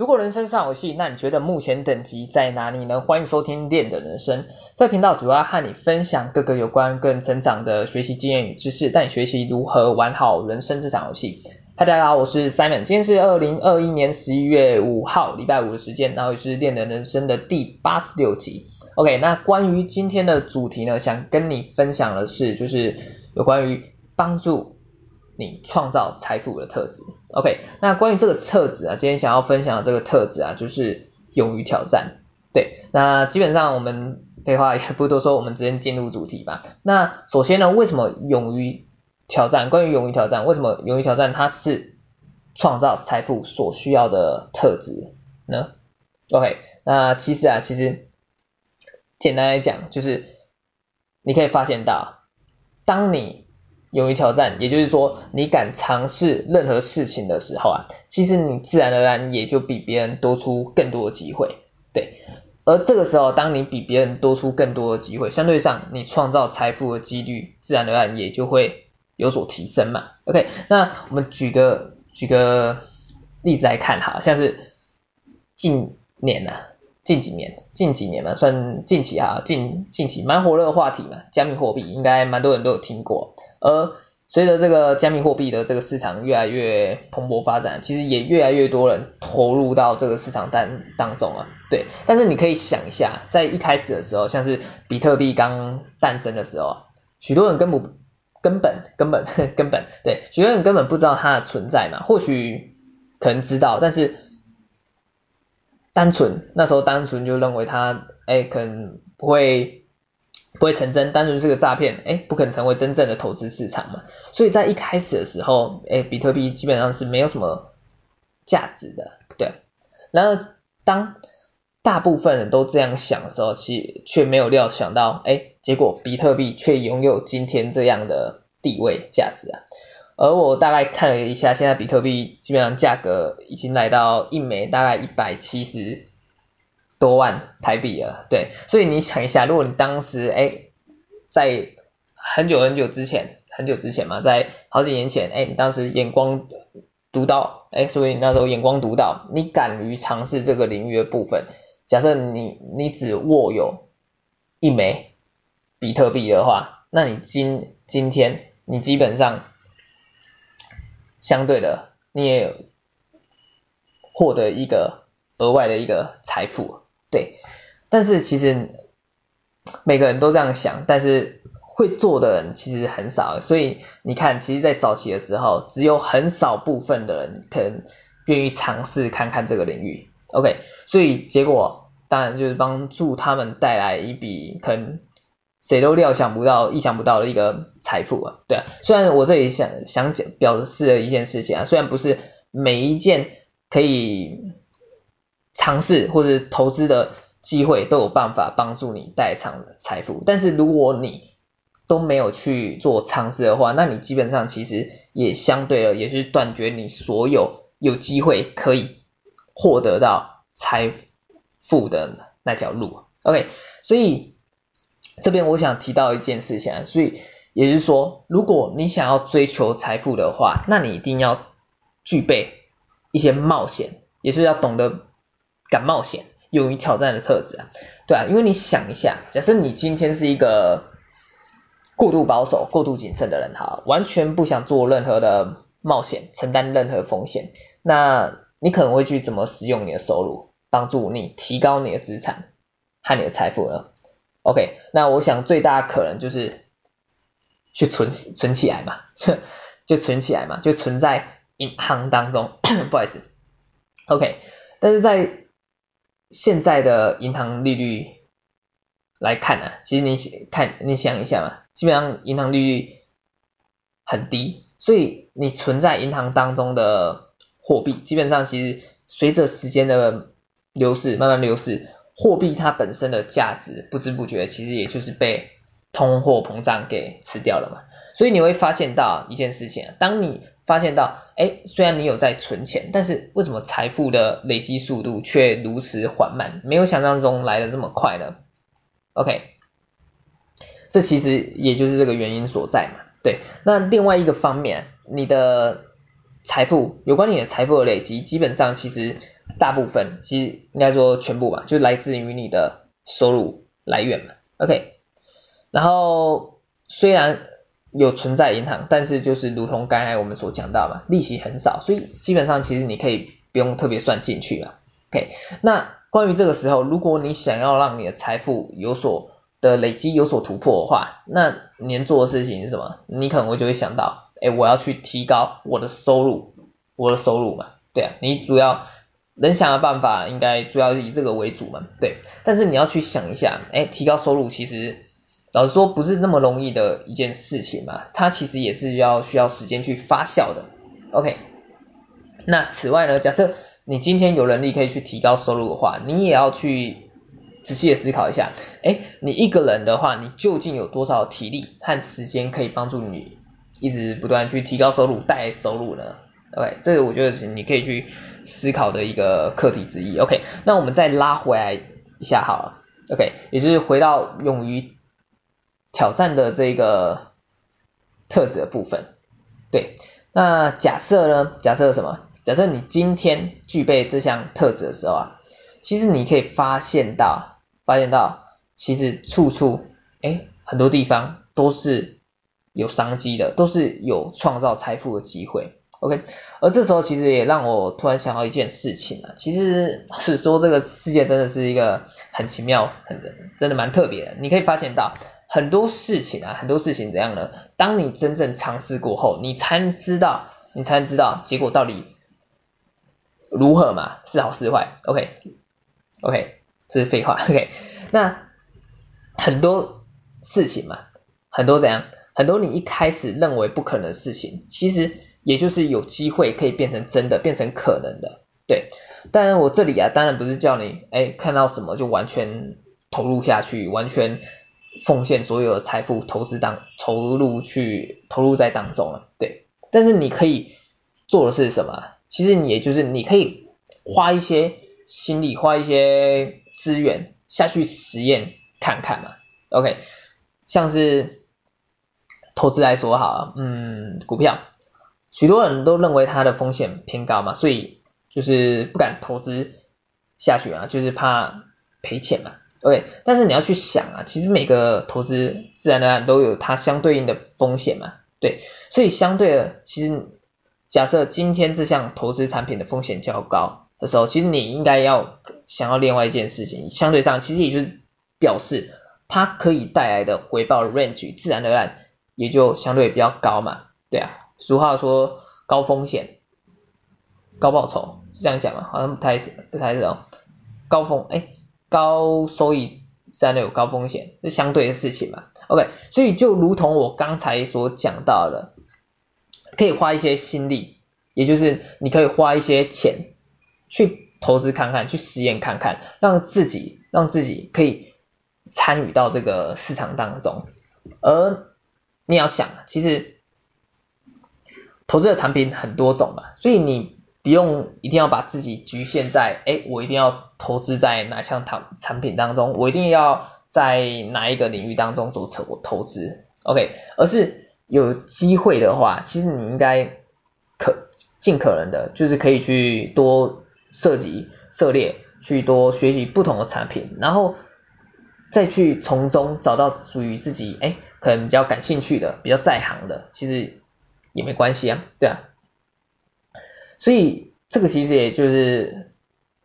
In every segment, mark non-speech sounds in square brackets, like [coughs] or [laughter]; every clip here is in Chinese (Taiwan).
如果人生是場遊戲，那你覺得目前等級在哪裡呢？歡迎收聽《練的人生》。這個頻道主要和你分享各個有關個人成長的學習經驗與知識，帶你學習如何玩好人生這場遊戲。Hi, 大家好，我是 Simon，今天是二零二一年十一月五號，禮拜五的時間，然後也是《練的人生》的第八十六集。OK，那關於今天的主題呢，想跟你分享的是，就是有關於幫助。你創造財富的特質，OK？那關於這個特質啊，今天想要分享的這個特質啊，就是勇於挑戰。對，那基本上我們廢話也不多說，我們直接進入主題吧。那首先呢，為什麼勇於挑戰？關於勇於挑戰，為什麼勇於挑戰？它是創造財富所需要的特質呢？OK？那其實啊，其實簡單來講，就是你可以發現到，當你勇於挑戰，也就是說，你敢嘗試任何事情的時候啊，其實你自然而然也就比別人多出更多的機會，對。而這個時候，當你比別人多出更多的機會，相對上你創造財富的幾率，自然而然也就會有所提升嘛。OK，那我們舉個舉個例子來看哈，像是近年呢、啊。近幾年，近幾年嘛，算近期哈，近近期蠻火熱的話題嘛，加密貨幣應該蠻多人都有聽過。而隨着這個加密貨幣的這個市場越來越蓬勃發展，其實也越來越多人投入到這個市場當當中了，對。但是你可以想一下，在一開始的時候，像是比特幣剛誕生的時候，許多人根本根本根本呵呵根本對，許多人根本不知道它的存在嘛，或許可能知道，但是。單純那時候單純就認為它哎可能不會不會成真，單純是個詐騙哎，不可能成為真正的投資市場嘛。所以在一開始的時候哎，比特幣基本上是沒有什麼價值的對。然而當大部分人都這樣想的時候，其卻沒有料想到哎，結果比特幣卻擁有今天這樣的地位價值啊。而我大概看了一下，現在比特幣基本上價格已經來到一枚大概一百七十多萬台幣了。對，所以你想一下，如果你當時哎在很久很久之前，很久之前嘛，在好幾年前，哎你當時眼光獨到，哎所以你那時候眼光獨到，你敢於嘗試這個領域的部分。假設你你只握有一枚比特幣的話，那你今今天你基本上。相對的，你也有獲得一個額外的一個財富，對。但是其實每個人都這樣想，但是會做的人其實很少，所以你看，其實，在早期的時候，只有很少部分的人可能願意嘗試看看這個領域。OK，所以結果當然就是幫助他們帶來一筆可能。誰都料想不到，意想不到的一個財富啊，對啊。雖然我這裡想想講，表示的一件事情啊，雖然不是每一件可以嘗試或者投資的機會都有辦法幫助你代償財富，但是如果你都沒有去做嘗試的話，那你基本上其實也相對的也是斷絕你所有有機會可以獲得到財富的那條路。OK，所以。這邊我想提到一件事情啊，所以也就是說，如果你想要追求財富的話，那你一定要具備一些冒險，也是要懂得敢冒險、勇於挑戰的特質啊，對啊，因為你想一下，假設你今天是一個過度保守、過度謹慎的人，哈，完全不想做任何的冒險、承擔任何風險，那你可能會去怎麼使用你的收入，幫助你提高你的資產和你的財富呢？OK，那我想最大的可能就是去存存起來嘛，就就存起來嘛，就存在銀行當中。 [coughs] 不好意思，OK，但是在現在的銀行利率來看呢，其實你看你想一下嘛，基本上銀行利率很低，所以你存在銀行當中的貨幣，基本上其實隨着時間的流逝，慢慢流逝。貨幣它本身的價值不知不覺其實也就是被通貨膨脹給吃掉了嘛，所以你會發現到一件事情，當你發現到，誒，雖然你有在存錢，但是為什麼財富的累積速度卻如此緩慢，沒有想象中來得這麼快呢？OK，這其實也就是這個原因所在嘛，對。那另外一個方面，你的財富，有關你的財富的累積，基本上其實。大部分其實應該說全部吧，就來自於你的收入來源嘛。OK，然後雖然有存在銀行，但是就是如同剛才我們所講到嘛，利息很少，所以基本上其實你可以不用特別算進去了。OK，那關於這個時候，如果你想要讓你的財富有所的累積，有所突破的話，那你做的事情是什麼？你可能會就會想到，哎，我要去提高我的收入，我的收入嘛，對啊，你主要，能想的辦法應該主要以這個為主嘛，對。但是你要去想一下，哎，提高收入其實老實說不是那麼容易的一件事情嘛，它其實也是要需要時間去發酵的。OK，那此外呢，假設你今天有能力可以去提高收入的話，你也要去仔細的思考一下，哎，你一個人的話，你究竟有多少體力和時間可以幫助你一直不斷去提高收入、帶來收入呢？OK，這個我覺得是你可以去思考的一個課題之一。OK，那我們再拉回來一下好了。OK，也就是回到勇於挑戰的這個特質的部分。對，那假設呢？假設什麼？假設你今天具備這項特質的時候啊，其實你可以發現到，發現到，其實處處，哎，很多地方都是有商機的，都是有創造財富的機會。OK，而這時候其實也讓我突然想到一件事情啊，其實是說這個世界真的是一個很奇妙，很，真的蠻特別的。你可以發現到很多事情啊，很多事情怎樣呢？當你真正嘗試過後，你才能知道，你才能知道結果到底如何嘛？是好是壞？OK OK 這是廢話。OK 那很多事情嘛，很多怎樣？很多你一開始認為不可能的事情，其實。也就是有機會可以變成真的，變成可能的，對。當然我這裡啊，當然不是叫你哎、欸、看到什麼就完全投入下去，完全奉獻所有的財富投資當投入去投入在當中了，對。但是你可以做的是什麼？其實你也就是你可以花一些心力花一些資源下去實驗看看嘛。OK，像是投資來說好，嗯，股票。許多人都認為它的風險偏高嘛，所以就是不敢投資下去啊，就是怕賠錢嘛。OK，但是你要去想啊，其實每個投資自然而然都有它相對應的風險嘛。對，所以相對的，其實假設今天這項投資產品的風險較高的時候，其實你應該要想要另外一件事情，相對上其實也就是表示它可以帶來的回報 range 自然而然也就相對比較高嘛。對啊。俗話說高風險高報酬，是這樣講嗎？好像不太不太一樣。高風哎、欸、高收益自然，有高風險是相對的事情嘛。OK，所以就如同我剛才所講到的，可以花一些心力，也就是你可以花一些錢去投資看看，去實驗看看，讓自己讓自己可以參與到這個市場當中，而你要想其實。投資的產品很多種嘛，所以你不用一定要把自己局限在，哎，我一定要投資在哪項產產品當中，我一定要在哪一個領域當中做投投資，OK，而是有機會的話，其實你應該可盡可能的，就是可以去多涉及涉獵，去多學習不同的產品，然後再去從中找到屬於自己，哎，可能比較感興趣的、比較在行的，其實。也沒關係啊，對啊，所以這個其實也就是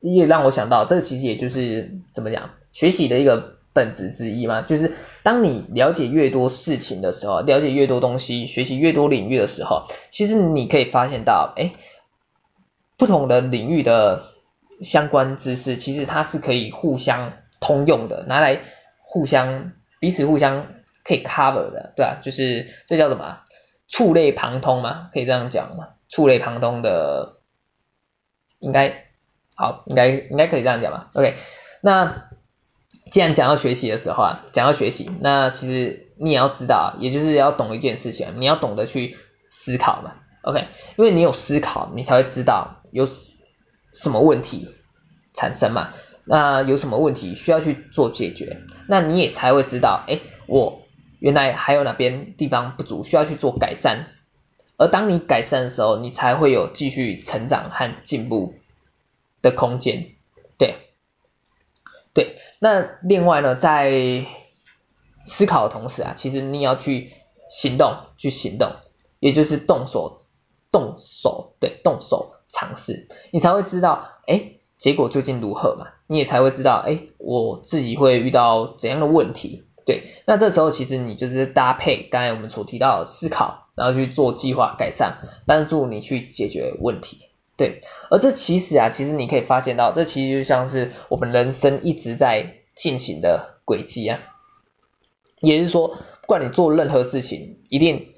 也讓我想到，這個其實也就是怎麼講，學習的一個本質之一嘛，就是當你了解越多事情的時候，了解越多東西，學習越多領域的時候，其實你可以發現到，哎、欸，不同的領域的相關知識，其實它是可以互相通用的，拿來互相彼此互相可以 cover 的，對啊，就是這叫什麼？觸類旁通嘛，可以這樣講嗎？觸類旁通的，應該好，應該應該可以這樣講嘛？OK，那既然講到學習的時候啊，講到學習，那其實你也要知道，也就是要懂一件事情，你要懂得去思考嘛，OK，因為你有思考，你才會知道有什麼問題產生嘛，那有什麼問題需要去做解決，那你也才會知道，哎、欸，我。原來還有哪邊地方不足，需要去做改善。而當你改善的時候，你才會有繼續成長和進步的空間。對，對。那另外呢，在思考的同時啊，其實你要去行動，去行動，也就是動手，動手，對，動手嘗試，你才會知道，誒結果究竟如何嘛？你也才會知道，誒我自己會遇到怎樣的問題。對，那這時候其實你就是搭配剛才我們所提到的思考，然後去做計劃、改善，幫助你去解決問題。對，而這其實啊，其實你可以發現到，這其實就像是我們人生一直在進行的軌跡啊。也就是說，不管你做任何事情，一定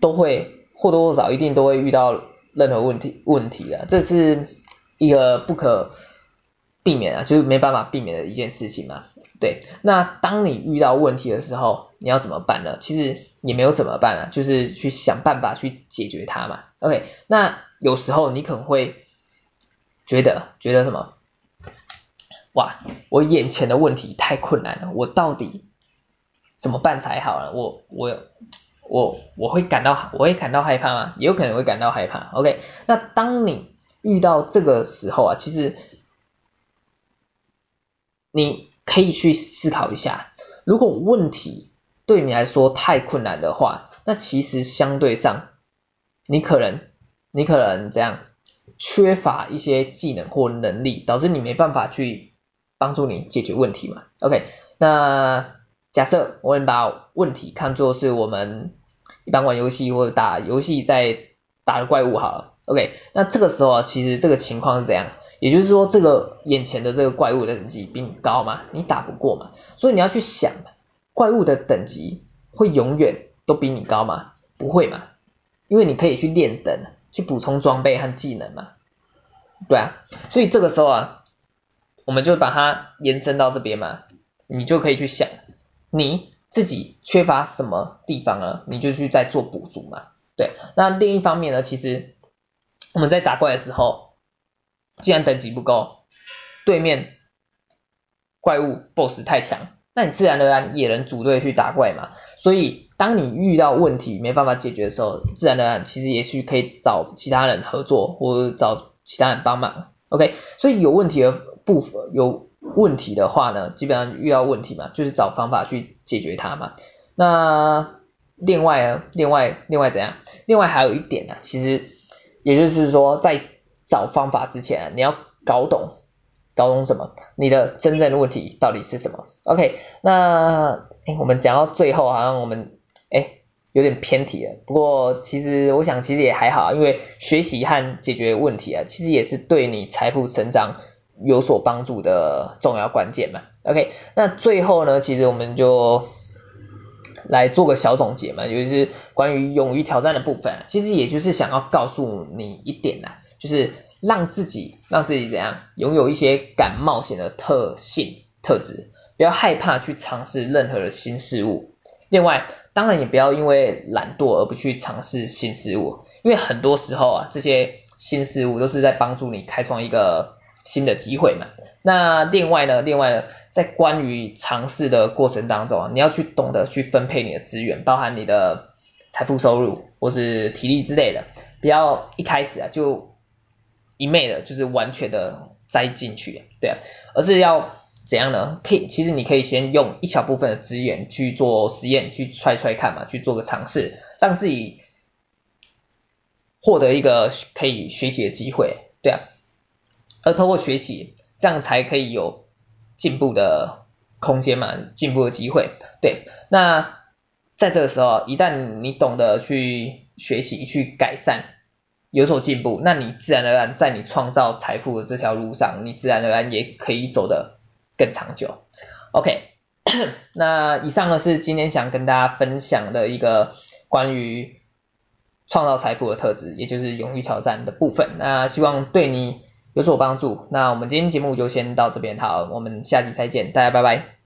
都會或多或少一定都會遇到任何問題問題的，這是一個不可。避免啊，就是沒辦法避免的一件事情嘛，啊。對，那當你遇到問題的時候，你要怎麼辦呢？其實也沒有怎麼辦啊，就是去想辦法去解決它嘛。OK，那有時候你可能會覺得覺得什麼？哇，我眼前的問題太困難了，我到底怎麼辦才好呢？我我我我會感到我會感到害怕嗎？也有可能會感到害怕。OK，那當你遇到這個時候啊，其實。你可以去思考一下，如果問題對你來說太困難的話，那其實相對上，你可能你可能這樣缺乏一些技能或能力，導致你沒辦法去幫助你解決問題嘛？OK，那假設我們把問題看作是我們一般玩遊戲或者打遊戲在打的怪物好了，OK，那這個時候啊，其實這個情況是怎樣？也就是說，這個眼前的這個怪物的等級比你高嘛，你打不過嘛。所以你要去想，怪物的等級會永遠都比你高嗎？不會嘛，因為你可以去練等，去補充裝備和技能嘛，對啊。所以這個時候啊，我們就把它延伸到這邊嘛，你就可以去想你自己缺乏什麼地方啊，你就去再做補足嘛。對，那另一方面呢，其實我們在打怪的時候。既然等級不夠，對面怪物 [noise] BOSS 太強，那你自然而然也能組隊去打怪嘛。所以當你遇到問題沒辦法解決的時候，自然而然其實也許可以找其他人合作或找其他人幫忙。OK，所以有問題的部分有問題的話呢，基本上遇到問題嘛，就是找方法去解決它嘛。那另外另外另外怎樣？另外還有一點呢、啊，其實也就是說在找方法之前啊，你要搞懂，搞懂什麼？你的真正的問題到底是什麼？OK，那誒我們講到最後，好像我們誒有點偏題了。不過其實我想，其實也還好，因為學習和解決問題啊，其實也是對你財富成長有所幫助的重要關鍵嘛。OK，那最後呢，其實我們就。來做個小總結嘛，就是關於勇於挑戰的部分，其實也就是想要告訴你一點啦、啊、就是讓自己讓自己怎樣擁有一些敢冒險的特性特質，不要害怕去嘗試任何的新事物。另外，當然也不要因為懶惰而不去嘗試新事物，因為很多時候啊，這些新事物都是在幫助你開創一個。新的機會嘛，那另外呢，另外呢，在關於嘗試的過程當中啊，你要去懂得去分配你的資源，包含你的財富、收入或是體力之類的，不要一開始啊就一昧的，就是完全的栽進去，對啊，而是要怎樣呢？可以，其實你可以先用一小部分的資源去做實驗，去踹踹看嘛，去做個嘗試，讓自己獲得一個可以學習的機會。而透過學習，這樣才可以有進步的空間嘛，進步的機會。對，那在這個時候，一旦你懂得去學習、去改善、有所進步，那你自然而然在你創造財富的這條路上，你自然而然也可以走得更長久。OK， [coughs] 那以上呢是今天想跟大家分享的一個關於創造財富的特質，也就是勇於挑戰的部分。那希望對你。有所幫助，那我們今天節目就先到這邊，好，我們下期再見，大家拜拜。